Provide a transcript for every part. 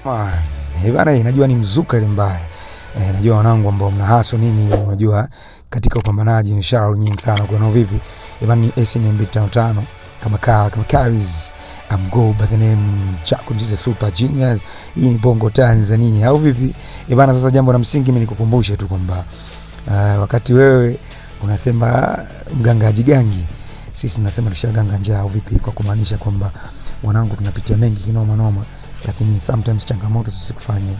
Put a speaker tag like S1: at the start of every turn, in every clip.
S1: Ah, eh, bana, najua ni mzuka ile mbaya. Eh, najua wanangu ambao mna haso nini, unajua katika upambanaji ni shauri nyingi sana kwa nao vipi? Ibani SNMB 55 kama kawa kama carries I'm go by the name Jaco Jesus Super Genius. Hii ni Bongo Tanzania au vipi? ibana? Eh, sasa jambo la msingi mimi nikukumbushe tu kwamba uh, wakati wewe unasema mganga ajigangi, sisi tunasema tushaganga njaa au vipi? Kwa kumaanisha kwamba wanangu tunapitia mengi kinoma noma, noma lakini sometimes changamoto zisikufanye kufanya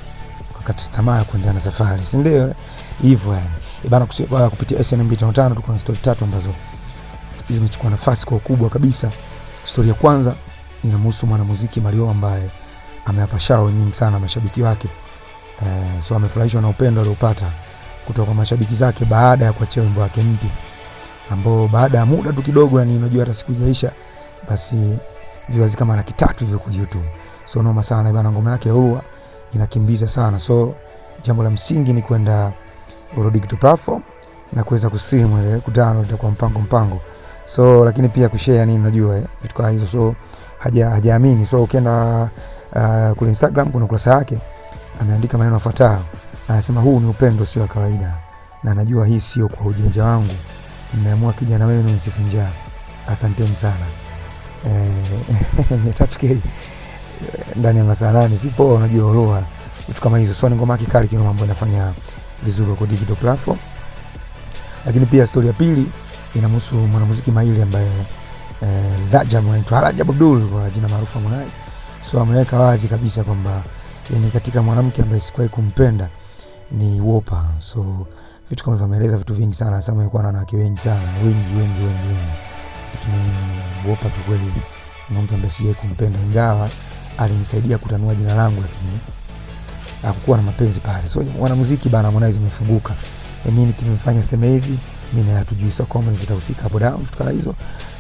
S1: ukakata tamaa ya kuendelea na safari, si ndio? Hivyo yani e bana, kupitia SNM 55 tuko na stori tatu ambazo zimechukua nafasi kwa ukubwa kabisa. Stori ya kwanza inamhusu mwanamuziki Mario ambaye ameapa shao nyingi sana mashabiki wake e, so amefurahishwa na upendo aliopata kutoka kwa mashabiki zake baada ya kuachia wimbo wake mpya ambao baada ya muda tu kidogo, yani unajua hata siku haijaisha, basi viwazi kama laki tatu hivyo kwa YouTube sonoma noma sana bana, ngoma yake Ulwa inakimbiza sana. So jambo la msingi ni kwenda Goro Digital Platform na kuweza kusimu ile kudownload kwa mpango mpango, so lakini pia kushare nini, unajua eh, vitu kama hizo, so haja hajaamini. So ukienda uh, kule Instagram kuna kurasa yake ameandika maneno yafuatayo, anasema huu ni upendo sio kawaida, na najua hii sio kwa ujenja wangu, nimeamua kijana wenu nisifunja. Asanteni sana eh, 300k ndani ya masaa nane zipo, unajua uloa vitu kama hizo. So ni ngoma yake kali kino, mambo yanafanya vizuri kwa digital platform. Lakini pia stori ya pili inamhusu mwanamuziki maili ambaye eh, Rajab anaitwa Rajab Abdul kwa jina maarufu Harmonize. So ameweka wazi kabisa kwamba yani katika mwanamke ambaye sikuwahi kumpenda ni Wopa. So vitu kama vimeeleza vitu vingi sana, hasa amekuwa na wanawake wengi sana, wengi wengi wengi wengi, lakini Wopa kwa kweli mwanamke ambaye sijawahi kumpenda ingawa alinisaidia kutanua jina langu, lakini hakukuwa na mapenzi pale. So wanamuziki bana, Harmonize umefunguka. E, nini kimefanya sema hivi? mi na so kwamba nizitahusika hapo down kutoka hizo,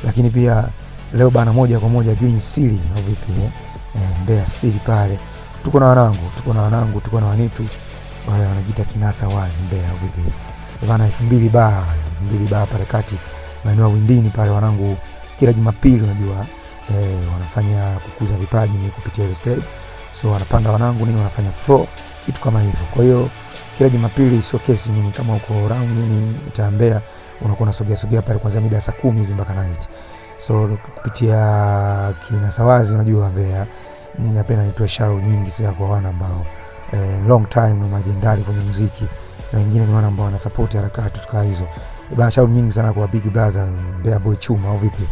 S1: lakini pia leo bana, moja kwa moja Green Seal au vipi eh, eh mbea sili pale, tuko na wanangu, tuko na wanangu, tuko na wanitu wao wanajiita kinasa wazi mbea au vipi eh, bana, elfu 2000 ba mbili ba pale kati maeneo ya Windini pale, wanangu kila Jumapili unajua e, wanafanya kukuza vipaji ni kupitia ile stage, so wanapanda wanangu nini, wanafanya floor, kitu kama hivyo. Kwa hiyo kila Jumapili sio kesi nini, kama uko round nini utaambea, unakuwa unasogea sogea pale kwanza mida saa kumi hivi mpaka night. So kupitia kina Sawazi, unajua Mbeya, ninapenda nitoe shout nyingi sana kwa wana ambao eh, long time ni majendari kwenye muziki na wengine ni wana ambao wanasapoti harakati tukaa hizo. Bana, shout nyingi sana kwa Big Brother Bea Boy Chuma au vipi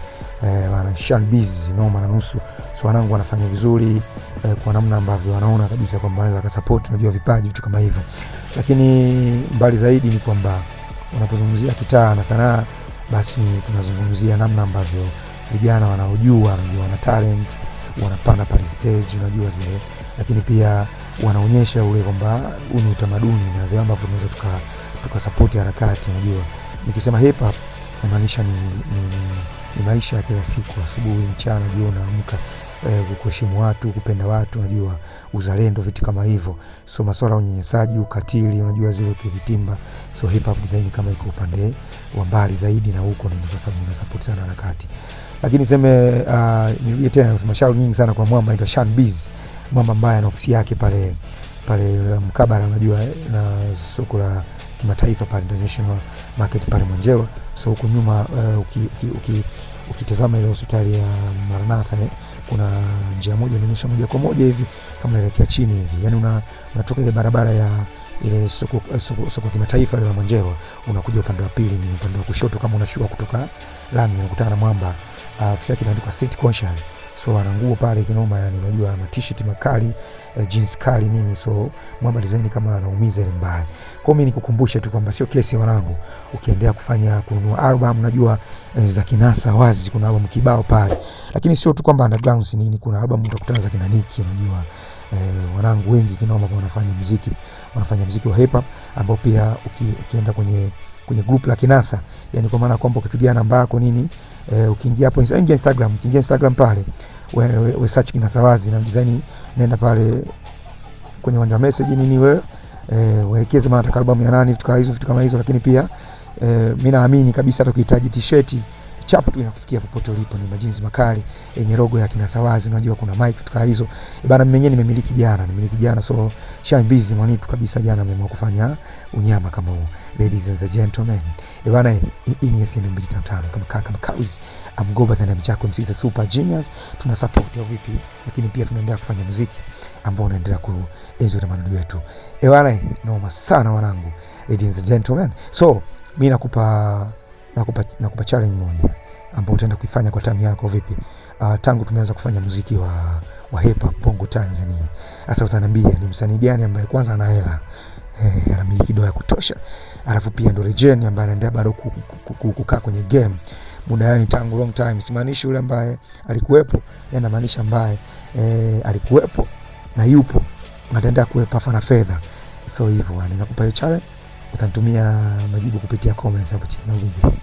S1: eh, bana Shan Biz noma na nusu. So wanangu wanafanya vizuri eh, kwa namna ambavyo wanaona kabisa kwamba wanaweza kusupport, unajua vipaji vitu kama hivyo, lakini mbali zaidi ni kwamba unapozungumzia kitaa na sanaa, basi tunazungumzia namna ambavyo vijana wanaojua, wanajua wana talent, wanapanda pale stage, unajua zile, lakini pia wanaonyesha ule kwamba huu ni utamaduni na vile ambavyo tunaweza tuka tukasapoti harakati. Unajua, nikisema hip hop namaanisha ni, ni, ni, ni maisha ya kila siku, asubuhi, mchana, jioni, naamka eh, kuheshimu watu, kupenda watu, unajua uzalendo, vitu kama hivyo. So masuala ya unyanyasaji, ukatili, unajua zile kilitimba. So hip hop design kama iko upande wa mbali zaidi na huko, ni kwa sababu unasupport sana harakati. Lakini niseme uh, nirudie tena nasema shout nyingi sana kwa mwamba anaitwa Shan Biz, mwamba mbaya ana ofisi yake pale pale um, mkabala unajua eh, na soko la kimataifa pale International Market pale Mwanjewa. So huko nyuma uh, uki, uki, uki ukitazama ile hospitali ya Maranatha eh, kuna njia moja imenyosha moja kwa moja hivi kama inaelekea chini hivi, yani unatoka una ile barabara ya ile soko, soko, soko kimataifa la Mwanjerwa, unakuja upande wa pili, ni upande wa kushoto. Kama unashuka kutoka lami, unakutana na mwamba, ah, afisa uh, imeandikwa Street Conscious. So ana nguo pale kinoma, yani unajua ana t-shirt makali, uh, jeans kali nini. So mwamba design kama anaumiza ile mbaya. Kwa mimi nikukumbushe tu kwamba sio kesi wanangu, ukiendelea kufanya kununua album, unajua uh, za kinasa wazi, kuna album kibao pale, lakini sio tu kwamba underground nini, kuna album utakutana za kinaniki, unajua eh, wanangu wengi kinoma ambao wanafanya muziki wanafanya muziki wa hip hop ambao pia uki, ukienda kwenye kwenye group la Kinasa, yani kwa maana kwamba ukipigia namba yako nini eh, ukiingia hapo ingia Instagram, ukiingia Instagram pale we, we, we search Kinasa Wazi na design, nenda pale kwenye wanja message nini we eh, welekeze maana takalbamu ya nani, vitu kama hizo vitu kama hizo, lakini pia eh, mimi naamini kabisa hata ukihitaji t-shirt chapu tu inakufikia popote ulipo. Ni majinzi makali yenye logo ya kina Sawazi, unajua kuna mike tukaa hizo e bana. Mimi mwenyewe nimemiliki jana, nimemiliki jana, so shine shambizi mwanitu kabisa. Jana ameamua kufanya unyama kama huu, ladies and gentlemen e bana. Ini yes ni mbili tano tano, kama kaka mkawiz amgoba kana mchako msisa super genius. Tuna support ya vipi, lakini pia tunaendelea kufanya muziki ambao unaendelea kuenzi utamaduni wetu e bana. Noma sana wanangu, ladies and gentlemen, so mimi nakupa nakupa nakupa challenge moja ambao utaenda kuifanya kwa tamu yako vipi? Uh, tangu tumeanza kufanya muziki wa, wa hip hop Bongo Tanzania. Sasa utaniambia ni msanii gani ambaye kwanza ana hela eh, anamiliki doa ya kutosha, alafu pia ndo legend ambaye anaendelea bado kukaa kwenye game muda yani tangu long time. Simaanishi yule ambaye alikuwepo, yanamaanisha yaani ambaye eh, alikuwepo na yupo ataendelea kuwepo na fedha. So hivyo yani, nakupa hiyo challenge, utanitumia majibu kupitia comments hapo chini au vipi?